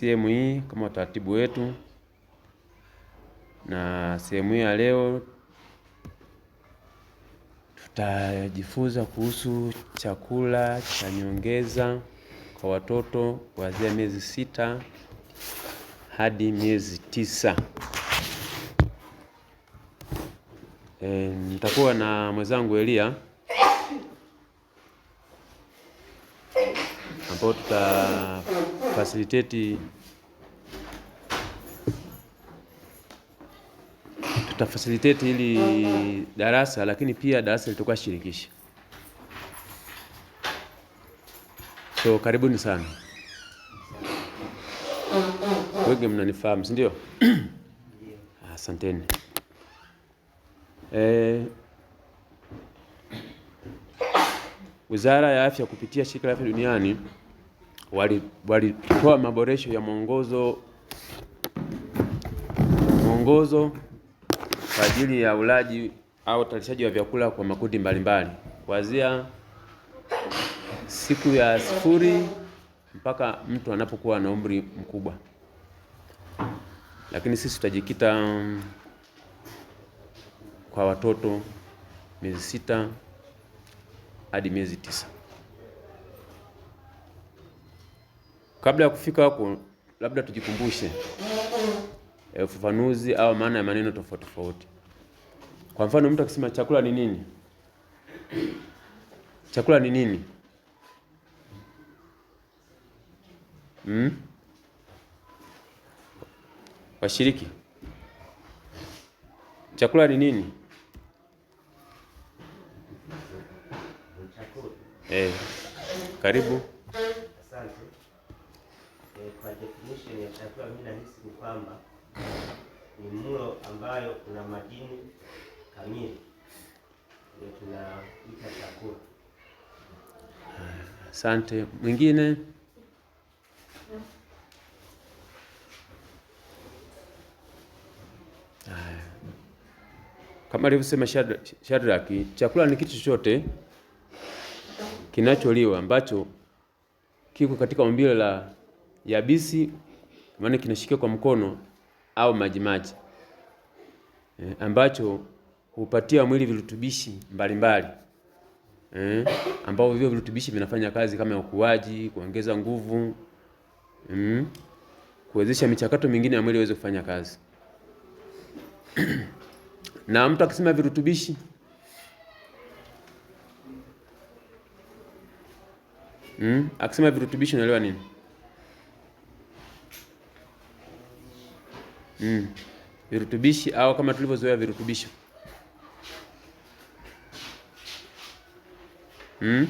CCM hii kama utaratibu wetu, na sehemu hii ya leo tutajifunza kuhusu chakula cha nyongeza kwa watoto kuanzia miezi sita hadi miezi tisa. E, nitakuwa na mwenzangu Elia ambao tuta tutafacilitate tutafacilitate hili darasa, lakini pia darasa litakuwa shirikishi. So karibuni sana, wege mnanifahamu, si ndio? Asanteni. Eh, Wizara ya Afya kupitia Shirika la Afya Duniani walitoa maboresho ya mwongozo mwongozo kwa ajili ya ulaji au utalishaji wa vyakula kwa makundi mbalimbali kuanzia siku ya sifuri mpaka mtu anapokuwa na umri mkubwa, lakini sisi tutajikita mm, kwa watoto miezi sita hadi miezi tisa. Kabla ya kufika hapo, labda tujikumbushe e, ufafanuzi au maana ya maneno tofauti tofauti. Kwa mfano mtu akisema chakula ni nini? Chakula ni nini? Hmm? Washiriki, chakula ni nini? Eh, karibu eh, kwa definition ya chakula mimi nahisi ni kwamba ni mlo ambayo una madini kamili ndio tunaita chakula. Asante. Mwingine? Kama alivyosema Shadraki, chakula ni kitu chochote kinacholiwa ambacho kiko katika umbile la yabisi maana kinashikia kwa mkono au majimaji e, eh, ambacho hupatia mwili virutubishi mbalimbali e, ambao hivyo virutubishi vinafanya kazi kama ya ukuaji, kuongeza nguvu mm, kuwezesha michakato mingine ya mwili iweze kufanya kazi na mtu akisema virutubishi mm, akisema virutubishi unaelewa nini? mm. virutubishi au kama tulivyozoea virutubisho mm.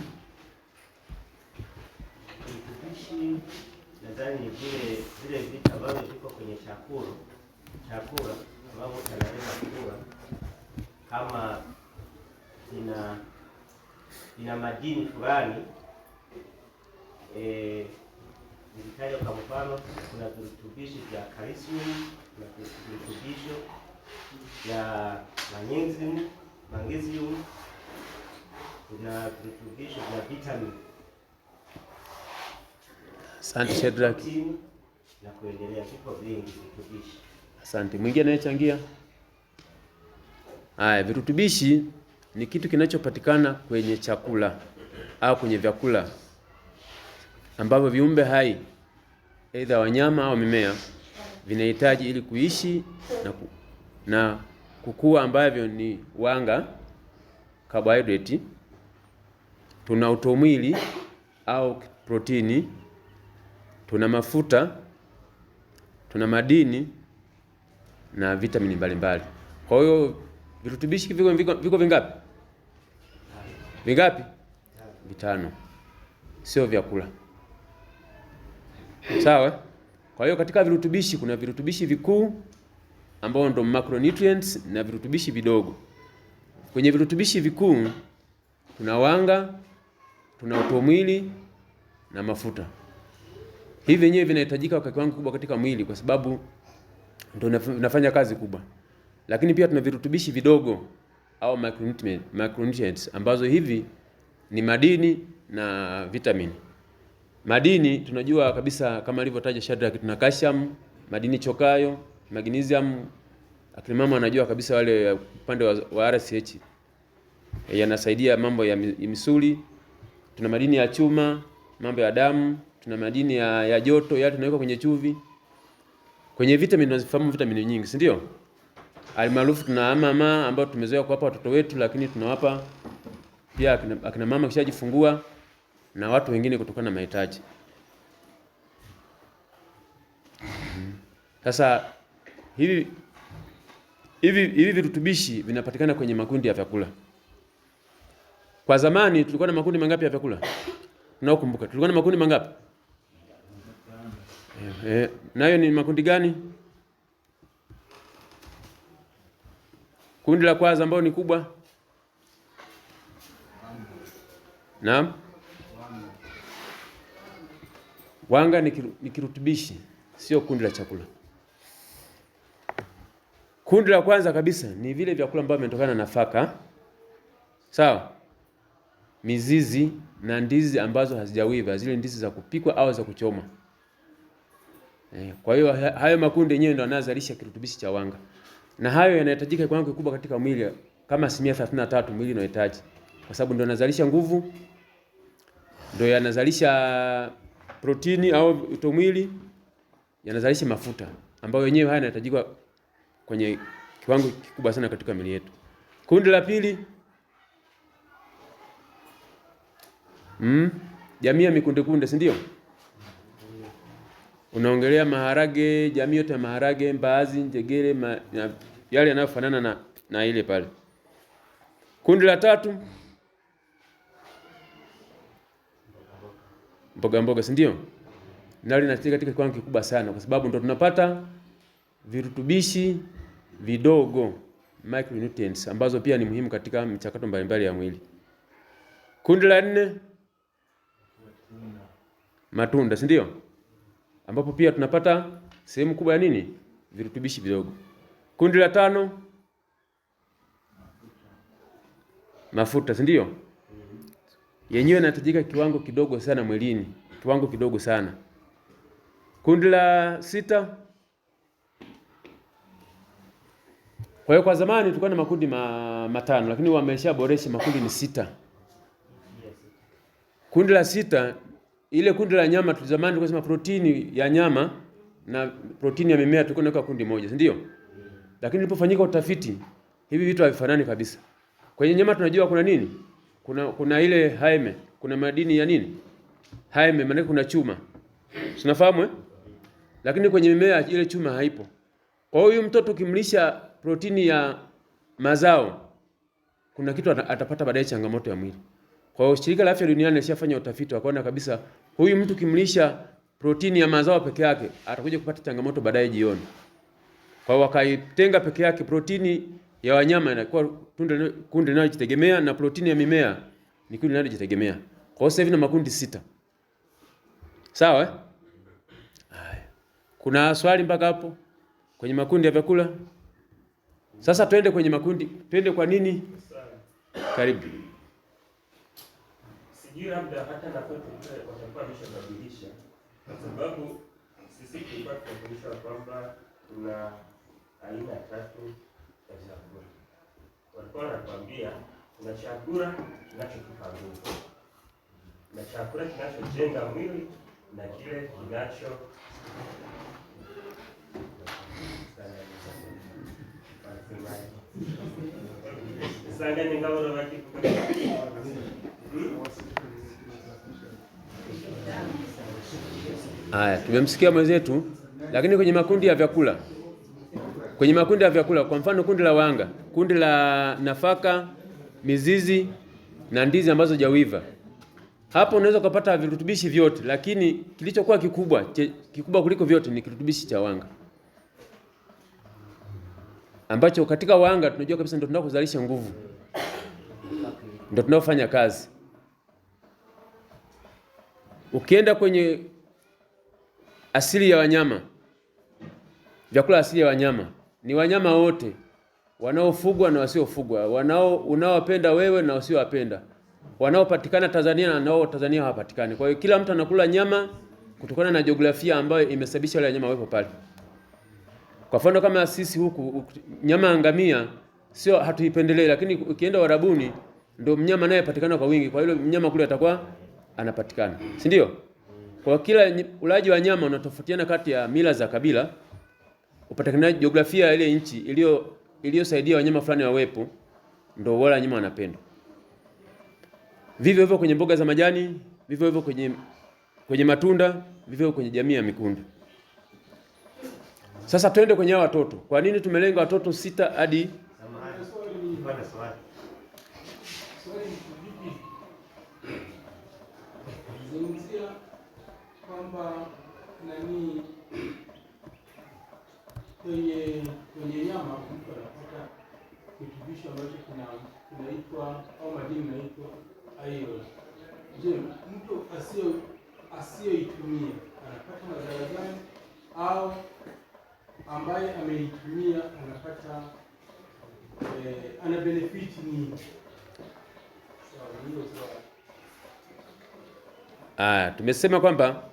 Asante Shedraki. Na kuendelea kipo vingi virutubishi. Asante. Mwingine anayechangia? Haya, virutubishi ni kitu kinachopatikana kwenye chakula au kwenye vyakula ambavyo viumbe hai aidha wanyama au mimea vinahitaji ili kuishi na, ku, na kukua ambavyo ni wanga, carbohydrate, tuna utomwili au protini tuna mafuta, tuna madini na vitamini mbalimbali. Kwa hiyo virutubishi viko, viko, viko vingapi? Vingapi? Vitano, sio vyakula. Sawa. Kwa hiyo katika virutubishi kuna virutubishi vikuu ambao ndo macronutrients na virutubishi vidogo. Kwenye virutubishi vikuu tuna wanga, tuna utomwili na mafuta hivi vyenyewe vinahitajika kwa kiwango kikubwa katika mwili, kwa sababu ndio vinafanya kazi kubwa. Lakini pia tuna virutubishi vidogo au micronutrients, micronutrients ambazo hivi ni madini na vitamini. Madini tunajua kabisa kama alivyotaja Shadrack, tuna calcium, madini chokayo, magnesium. Akina mama anajua kabisa wale upande wa, wa RCH yanasaidia mambo ya misuli. Tuna madini ya chuma, mambo ya damu tuna madini ya, ya joto yale tunaweka kwenye chuvi, kwenye vitamini. Tunazifahamu vitamini nyingi, si ndio? Almaarufu tuna mama ambao tumezoea kuwapa watoto wetu, lakini tunawapa pia akina, akina mama kishajifungua na watu wengine kutokana na mahitaji. Sasa hivi hivi hivi virutubishi vinapatikana kwenye makundi ya vyakula. Kwa zamani tulikuwa na makundi mangapi ya vyakula? tunaokumbuka Tulikuwa na makundi mangapi? E, nayo ni makundi gani? Kundi la kwanza ambao ni kubwa, naam, wanga ni kirutubishi, sio kundi la chakula. Kundi la kwanza kabisa ni vile vyakula ambavyo vimetokana na nafaka, sawa, mizizi na ndizi ambazo hazijawiva, zile ndizi za kupikwa au za kuchoma. Eh, kwa hiyo hayo makundi yenyewe ndio yanazalisha kirutubishi cha wanga. Na hayo yanahitajika kwa kiwango kikubwa katika mwili kama asilimia 33 mwili unahitaji. Kwa sababu ndio yanazalisha nguvu, ndio yanazalisha protini au utomwili, yanazalisha mafuta ambayo yenyewe haya yanahitajika kwenye kiwango kikubwa sana katika mwili yetu. Kundi la pili mm, jamii ya mikundekunde si ndio? unaongelea maharage, jamii yote ya maharage, mbaazi, njegere ma, ya, yale yanayofanana na, na ile pale. Kundi la tatu mboga mboga, si ndio? Nalo linachika katika kiwango kikubwa sana, kwa sababu ndo tunapata virutubishi vidogo micronutrients, ambazo pia ni muhimu katika michakato mbalimbali ya mwili. Kundi la nne matunda, si ndio? ambapo pia tunapata sehemu kubwa ya nini, virutubishi vidogo. Kundi la tano mafuta, si ndio? Yenyewe inahitajika kiwango kidogo sana mwilini, kiwango kidogo sana. Kundi la sita. Kwa hiyo kwa zamani tulikuwa na makundi ma, matano lakini wameshaboresha makundi ni sita. Kundi la sita ile kundi la nyama tulizamani tulikuwa tunasema protini ya nyama na protini ya mimea tulikuwa tunaweka kundi moja, si ndio? Lakini ilipofanyika utafiti hivi vitu havifanani kabisa. Kwenye nyama tunajua kuna nini? Kuna kuna ile haime, kuna madini ya nini? Haime maana kuna chuma. Tunafahamu eh? Lakini kwenye mimea ile chuma haipo. Kwa hiyo mtoto ukimlisha protini ya mazao kuna kitu atapata baadaye changamoto ya mwili. Kwa hiyo shirika la afya duniani lishafanya utafiti wakaona kabisa huyu mtu kimlisha protini ya mazao peke yake atakuja kupata changamoto baadaye jioni. Kwa hiyo wakaitenga peke yake protini ya wanyama inakuwa kundi linalojitegemea na protini ya mimea ni kundi linalojitegemea. Kwa hiyo sasa hivi na makundi sita. Sawa eh? Kuna swali mpaka hapo kwenye makundi ya vyakula? Sasa twende kwenye makundi, twende kwa nini? Karibu. Sijui labda hata na kwetu watakuwa wameshabadilisha, kwa sababu sisi tulikuwa tunafundishwa kwamba kuna aina tatu ya chakula. Walikuwa wanakwambia kuna chakula kinachokupangua na chakula kinachojenga mwili na kile kinacho sanganyingavorovakivuka Haya, tumemsikia mwenzetu, lakini kwenye makundi ya vyakula, kwenye makundi ya vyakula, kwa mfano kundi la wanga, kundi la nafaka, mizizi na ndizi ambazo jawiva, hapo unaweza ukapata virutubishi vyote, lakini kilichokuwa kikubwa kikubwa kuliko vyote ni kirutubishi cha wanga, ambacho katika wanga tunajua kabisa ndio tunakuzalisha nguvu, ndio tunaofanya kazi Ukienda kwenye asili ya wanyama, vyakula asili ya wanyama ni wanyama wote wanaofugwa na wasiofugwa, wanao unaowapenda wewe na wasiowapenda, wanaopatikana Tanzania na nao Tanzania hawapatikani. Kwa hiyo kila mtu anakula nyama kutokana na jiografia ambayo imesababisha wale wanyama wepo pale. Kwa mfano kama sisi huku nyama angamia sio hatuipendelei, lakini ukienda Warabuni ndio mnyama naye patikana kwa wingi, kwa hiyo mnyama kule atakuwa anapatikana, si ndio? Kwa kila ulaji wa nyama unatofautiana kati ya mila za kabila, upatikanaji, jiografia ya ile nchi iliyo iliyosaidia wanyama fulani wawepo, ndio wala nyama wanapendwa. Vivyo hivyo kwenye mboga za majani, vivyo hivyo kwenye kwenye matunda, vivyo hivyo kwenye jamii ya mikunde. Sasa twende kwenye hao watoto. Kwa nini tumelenga watoto sita hadi kwamba nani kwenye kwenye nyama mtu anapata kitubisho ambacho kinaitwa au madini inaitwa iron. Je, mtu asio asiyoitumia anapata madhara gani, au ambaye ameitumia anapata eh, ana benefit nini? Ah, tumesema kwamba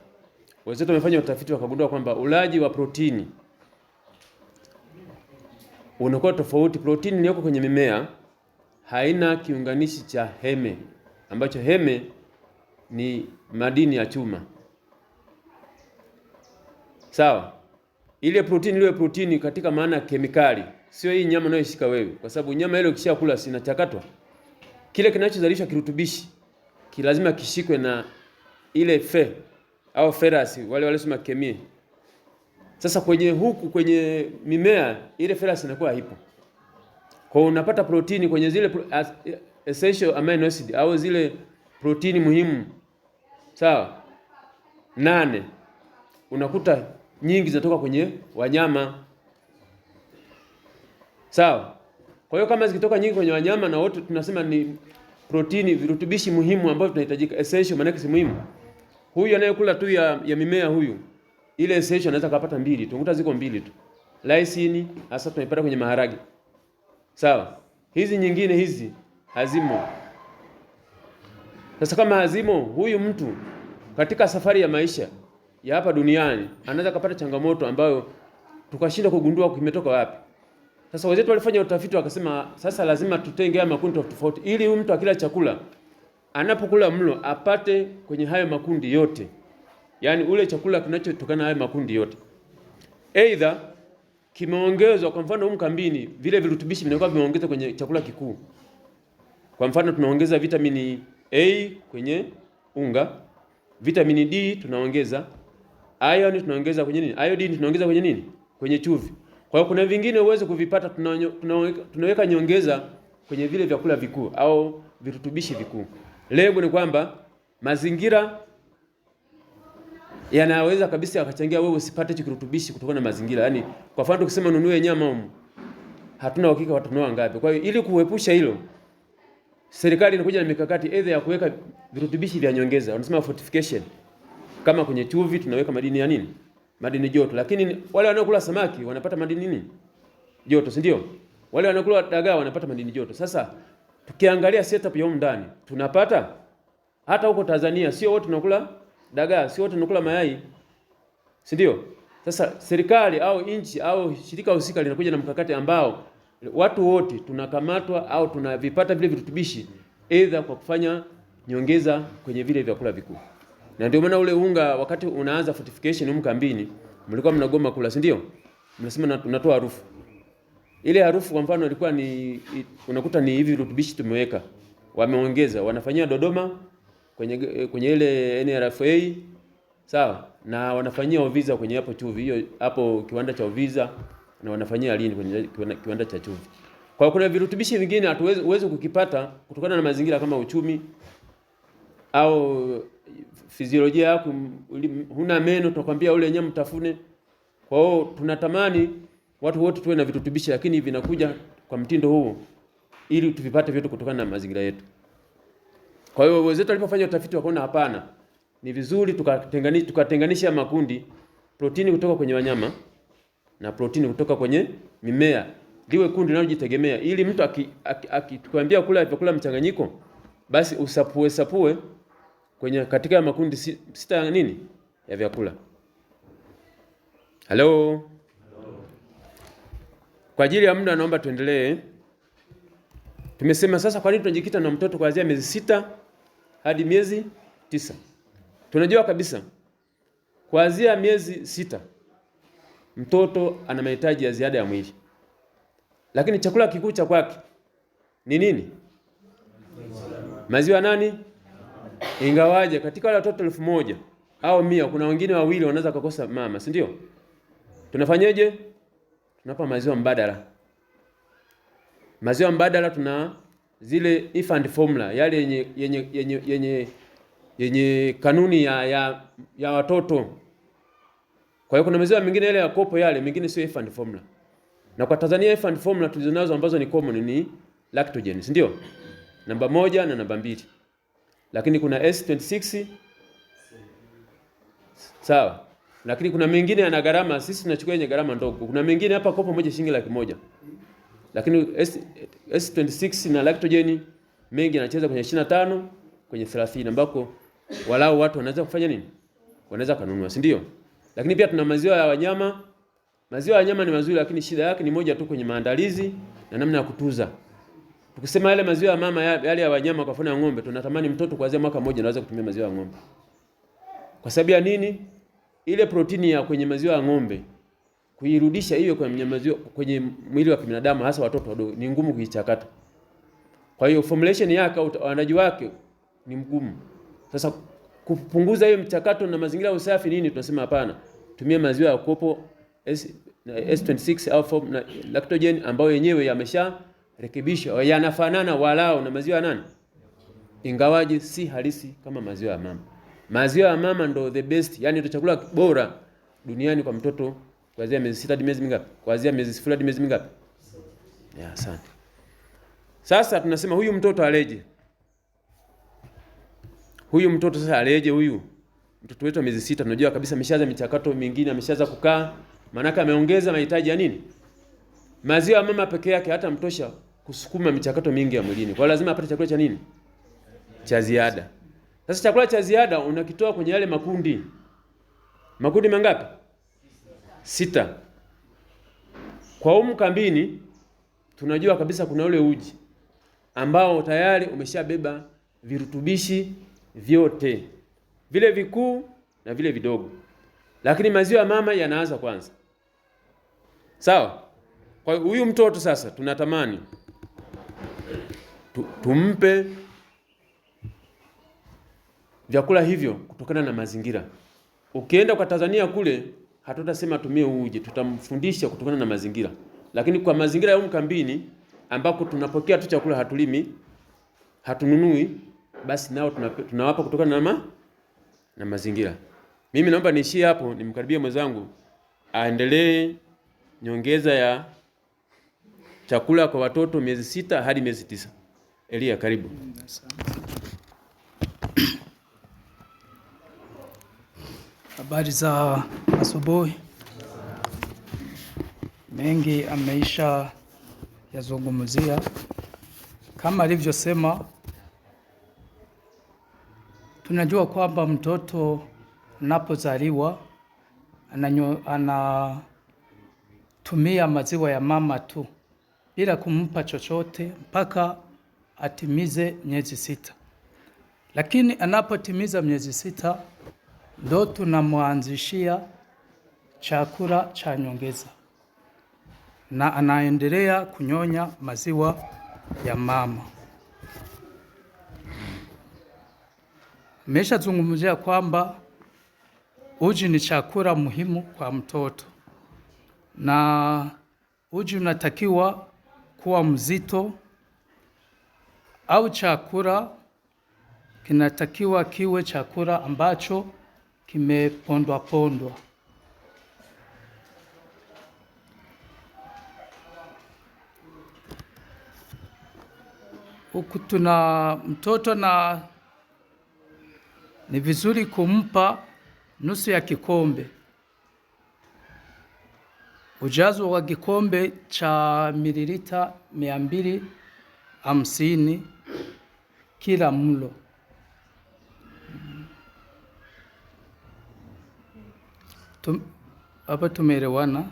Wenzetu wamefanya utafiti wakagundua kwamba ulaji wa protini unakuwa tofauti. Protini iliyoko kwenye mimea haina kiunganishi cha heme, ambacho heme ni madini ya chuma. Sawa, ile protini ile protini katika maana ya kemikali, sio hii nyama unayoshika wewe, kwa sababu nyama ile ukishakula sinachakatwa. Kile kinachozalishwa kirutubishi lazima kishikwe na ile fe au ferasi wale waliosoma kemie. Sasa kwenye huku kwenye mimea ile ferasi inakuwa haipo. Kwa unapata protini kwenye zile pro, essential amino acid au zile protini muhimu sawa nane, unakuta nyingi zinatoka kwenye wanyama sawa. Kwa hiyo kama zikitoka nyingi kwenye wanyama, na wote tunasema ni protini, virutubishi muhimu ambavyo tunahitajika, essential maana yake si muhimu huyu anayekula tu ya, ya mimea huyu, ile essential anaweza kupata mbili tu, nguta ziko mbili tu, lysine hasa tunaipata kwenye maharage sawa. Hizi nyingine hizi hazimo. Sasa kama hazimo, huyu mtu katika safari ya maisha ya hapa duniani anaweza kupata changamoto ambayo tukashinda kugundua kimetoka wapi. Sasa wenzetu walifanya utafiti wakasema, sasa lazima tutenge haya makundi tofauti, ili huyu mtu akila chakula anapokula mlo apate kwenye hayo makundi yote, yaani ule chakula kinachotokana na hayo makundi yote. Aidha kimeongezwa, kwa mfano huko kambini vile virutubishi vinakuwa vimeongezwa kwenye chakula kikuu. Kwa mfano tunaongeza vitamini A kwenye unga, vitamini D tunaongeza, iron tunaongeza kwenye nini, iodine tunaongeza kwenye nini, kwenye chumvi. Kwa hiyo kuna vingine uweze kuvipata, tunaweka nyongeza kwenye vile vyakula vikuu au virutubishi vikuu. Lengo ni kwamba mazingira yanaweza kabisa yakachangia wewe usipate hicho kirutubishi kutokana na mazingira. Yaani kwa mfano tukisema nunue nyama humu, hatuna uhakika watanunua ngapi. Kwa hiyo ili kuepusha hilo, serikali inakuja na mikakati aidha ya kuweka virutubishi vya nyongeza, wanasema fortification. Kama kwenye chuvi tunaweka madini ya nini? Madini joto. Lakini wale wanaokula samaki wanapata madini nini? Joto, si ndio? Wale wanaokula dagaa wanapata madini joto. Sasa tukiangalia setup ya ndani tunapata hata huko Tanzania, sio wote tunakula dagaa, sio wote tunakula mayai, si ndio? Sasa serikali au nchi au shirika husika linakuja na mkakati ambao watu wote tunakamatwa au tunavipata vile virutubishi, aidha kwa kufanya nyongeza kwenye vile vyakula vikuu. Na ndio maana ule unga wakati unaanza fortification humu kambini, mlikuwa mnagoma kula, si ndio? Mnasema natoa harufu ile harufu kwa mfano ilikuwa ni unakuta ni hivi rutubishi tumeweka, wameongeza, wanafanyia Dodoma kwenye kwenye ile NRFA sawa, na wanafanyia Oviza kwenye hapo chuvi hiyo hapo kiwanda cha Oviza, na wanafanyia lini kwenye kiwanda cha chuvi. Kwa kuna virutubishi vingine hatuwezi kukipata kutokana na mazingira kama uchumi au fiziolojia yako, huna meno, tunakwambia ule nyama mtafune. Kwa hiyo tunatamani Watu wote tuwe na virutubishi, lakini vinakuja kwa mtindo huu ili tuvipate vyote kutokana na mazingira yetu. Kwa hiyo wenzetu walipofanya utafiti wakaona hapana, ni vizuri tukatenganisha tukatenganisha makundi, protini kutoka kwenye wanyama na protini kutoka kwenye mimea liwe kundi linalojitegemea, ili mtu akituambia kula vyakula mchanganyiko, basi usapue sapue kwenye katika makundi sita nini ya vyakula. Hello. Kwa ajili ya muda naomba tuendelee. Tumesema sasa kwa nini tunajikita na mtoto kuanzia miezi sita hadi miezi tisa? Tunajua kabisa kuanzia miezi sita mtoto ana mahitaji ya ziada ya mwili, lakini chakula kikuu cha kwake ni nini? Maziwa nani? Ingawaje katika wale watoto elfu moja au mia kuna wengine wawili wanaweza kukosa mama, si ndio? Tunafanyeje? tunapa maziwa mbadala. Maziwa mbadala tuna zile infant formula yale yenye yenye yenye yenye yenye kanuni ya ya, ya watoto. Kwa hiyo kuna maziwa mengine yale ya kopo yale, mengine sio infant formula. Na kwa Tanzania infant formula tulizonazo ambazo ni common ni Lactogen, si ndio? Namba moja na namba mbili. Lakini kuna S26 sawa lakini kuna mengine yana gharama, sisi tunachukua yenye gharama ndogo. Kuna mengine hapa kopo moja shilingi laki moja, lakini S, 26 na lactogen mengi yanacheza kwenye 25 kwenye 30 ambako walau watu wanaweza kufanya nini, wanaweza kununua, si ndio? Lakini pia tuna maziwa ya wanyama. Maziwa ya wanyama ni mazuri, lakini shida yake ni moja tu kwenye maandalizi na namna ya kutuza. Tukisema yale maziwa ya mama yale ya wanyama, kwa mfano ya ng'ombe, tunatamani mtoto kuanzia mwaka mmoja anaweza kutumia maziwa ya ng'ombe. Kwa sababu ya nini? ile protini ya kwenye maziwa ya ng'ombe kuirudisha hiyo kwenye maziwa, kwenye mwili wa kibinadamu hasa watoto wadogo ni ngumu kuichakata. Kwa hiyo formulation yake au uandaaji wake ni mgumu. Sasa kupunguza hiyo mchakato na mazingira ya usafi nini, tunasema hapana, tumia maziwa ya kopo S, S26 au lactogen ambayo yenyewe yamesha rekebishwa yanafanana walao na maziwa ya nani, ingawaje si halisi kama maziwa ya mama. Maziwa ya mama ndo the best, yani ndo chakula bora duniani kwa mtoto kuanzia miezi sita hadi miezi mingapi? Kuanzia miezi sifuri hadi miezi mingapi? Ya, asante. Sasa tunasema huyu mtoto aleje? Huyu mtoto sasa aleje huyu? Mtoto wetu miezi sita tunajua kabisa ameshaanza michakato mingine, ameshaanza kukaa, maanake ameongeza mahitaji ya nini? Maziwa ya mama peke yake hata mtosha kusukuma michakato mingi ya mwilini. Kwa lazima apate chakula cha nini? Cha ziada. Sasa chakula cha ziada unakitoa kwenye yale makundi. Makundi mangapi? Sita. Kwa humu kambini tunajua kabisa kuna ule uji ambao tayari umeshabeba virutubishi vyote vile vikuu na vile vidogo, lakini maziwa ya mama yanaanza kwanza. Sawa. Kwa huyu mtoto sasa tunatamani tu, tumpe vyakula hivyo kutokana na mazingira. Ukienda kwa Tanzania kule, hatutasema tumie uje, tutamfundisha kutokana na mazingira. Lakini kwa mazingira ya mkambini ambako tunapokea tu chakula, hatulimi, hatununui, basi nao tunawapa kutokana na, ma, na mazingira. Mimi naomba niishie hapo, nimkaribie mwenzangu aendelee nyongeza ya chakula kwa watoto miezi sita hadi miezi tisa. Elia, karibu. Habari za asubuhi. Mengi ameisha yazungumzia, kama alivyosema, tunajua kwamba mtoto anapozaliwa anatumia maziwa ya mama tu bila kumpa chochote mpaka atimize miezi sita, lakini anapotimiza miezi sita ndo tunamwanzishia chakula cha nyongeza na anaendelea kunyonya maziwa ya mama. Nimeshazungumzia kwamba uji ni chakula muhimu kwa mtoto, na uji unatakiwa kuwa mzito au chakula kinatakiwa kiwe chakula ambacho kimepondwa pondwa. Huku tuna mtoto na ni vizuri kumpa nusu ya kikombe, ujazo wa kikombe cha mililita mia mbili hamsini kila mlo. Tum, hapa tumeelewana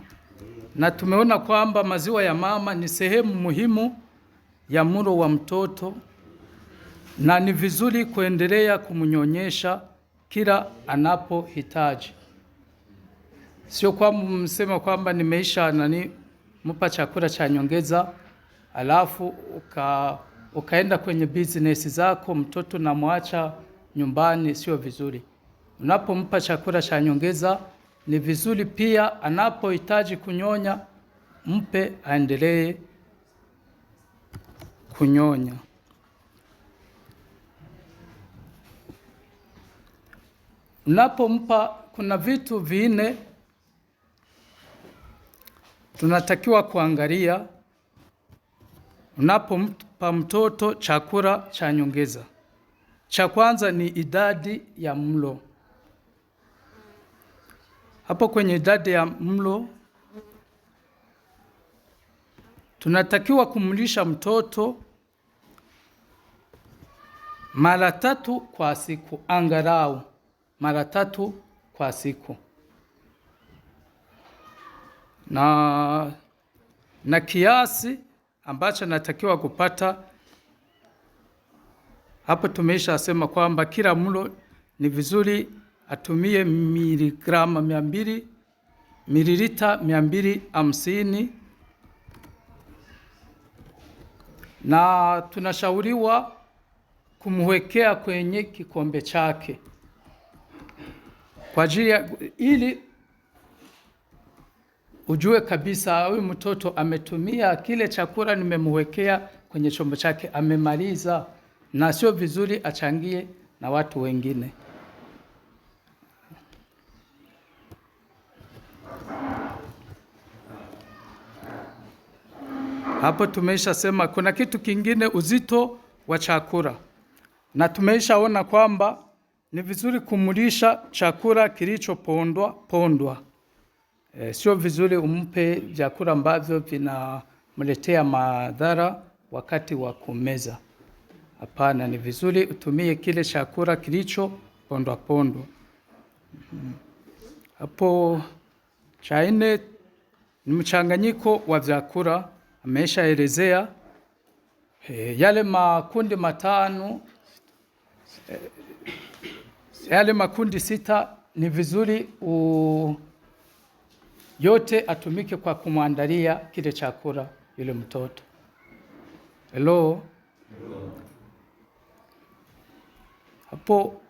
na tumeona kwamba maziwa ya mama ni sehemu muhimu ya mlo wa mtoto na ni vizuri kuendelea kumnyonyesha kila anapohitaji. Sio kwa msema kwamba nimeisha nani mpa chakula cha nyongeza alafu uka, ukaenda kwenye business zako, mtoto namwacha nyumbani, sio vizuri. Unapompa chakula cha nyongeza ni vizuri pia anapohitaji kunyonya mpe aendelee kunyonya. Unapompa, kuna vitu vinne tunatakiwa kuangalia unapompa mtoto chakula cha nyongeza. Cha kwanza ni idadi ya mlo. Hapo kwenye idadi ya mlo tunatakiwa kumlisha mtoto mara tatu kwa siku, angalau mara tatu kwa siku, na, na kiasi ambacho natakiwa kupata hapo tumeisha sema kwamba kila mlo ni vizuri atumie miligrama mia mbili mililita mia mbili hamsini na tunashauriwa kumwekea kwenye kikombe chake kwa ajili ya ili ujue kabisa huyu mtoto ametumia kile chakula nimemwekea kwenye chombo chake, amemaliza. Na sio vizuri achangie na watu wengine. Hapo tumeshasema kuna kitu kingine, uzito wa chakula, na tumeshaona kwamba ni vizuri kumulisha chakula kilichopondwa pondwa. E, sio vizuri umpe vyakula ambavyo vinamletea madhara wakati wa kumeza. Hapana, ni vizuri utumie kile chakula kilicho pondwa pondwa. Hapo cha nne ni mchanganyiko wa vyakula ameshaelezea e, yale makundi matano e, yale makundi sita ni vizuri u, yote atumike kwa kumwandalia kile chakula yule mtoto. Hello. Hello. Hapo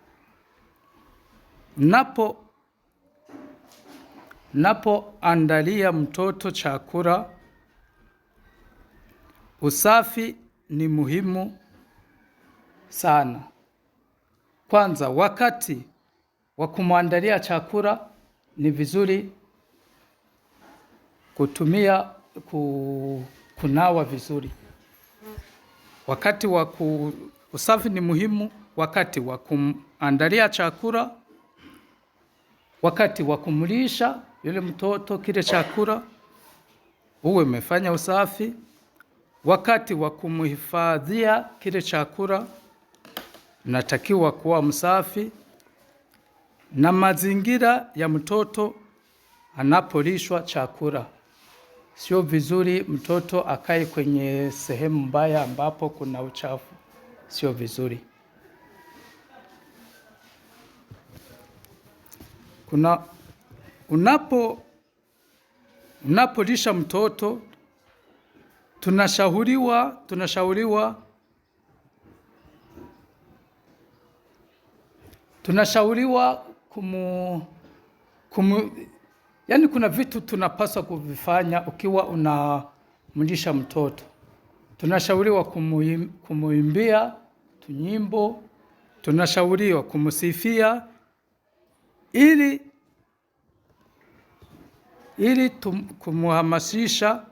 napo napo andalia mtoto chakula Usafi ni muhimu sana. Kwanza, wakati wa kumwandalia chakula ni vizuri kutumia kunawa vizuri. Wakati wa ku, usafi ni muhimu wakati wa kumandalia chakula, wakati wa kumlisha yule mtoto kile chakula, uwe umefanya usafi. Wakati wa kumhifadhia kile chakula, natakiwa kuwa msafi na mazingira ya mtoto anapolishwa chakula. Sio vizuri mtoto akae kwenye sehemu mbaya ambapo kuna uchafu, sio vizuri. Kuna unapo unapolisha mtoto tunashauriwa tunashauriwa tunashauriwa kumu, kumu, yani kuna vitu tunapaswa kuvifanya ukiwa unamlisha mtoto. Tunashauriwa kumuimbia tunyimbo, tunashauriwa kumusifia ili, ili tum, kumuhamasisha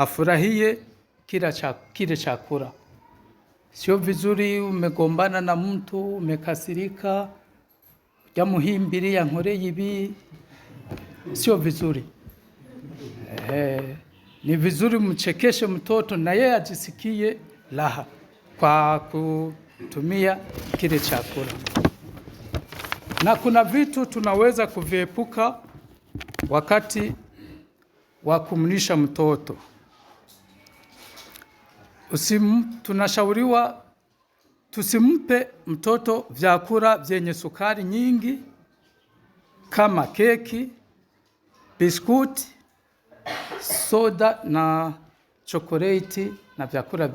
afurahie kila cha, kile chakula. Sio vizuri umegombana na mtu, umekasirika, jamuhimbiria nkore ibi, sio vizuri eh. Ni vizuri mchekeshe mtoto na yeye ajisikie raha kwa kutumia kile chakula, na kuna vitu tunaweza kuviepuka wakati wa kumlisha mtoto. Usim, tunashauriwa tusimpe mtoto vyakula vyenye sukari nyingi kama keki, biskuti, soda na chokoleti na vyakula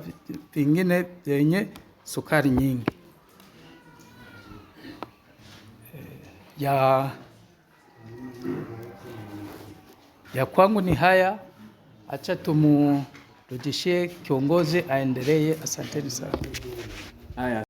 vingine vyenye sukari nyingi. Ya, ya kwangu ni haya, acha tumu tutishie kiongozi aendelee. Asanteni sana. Haya.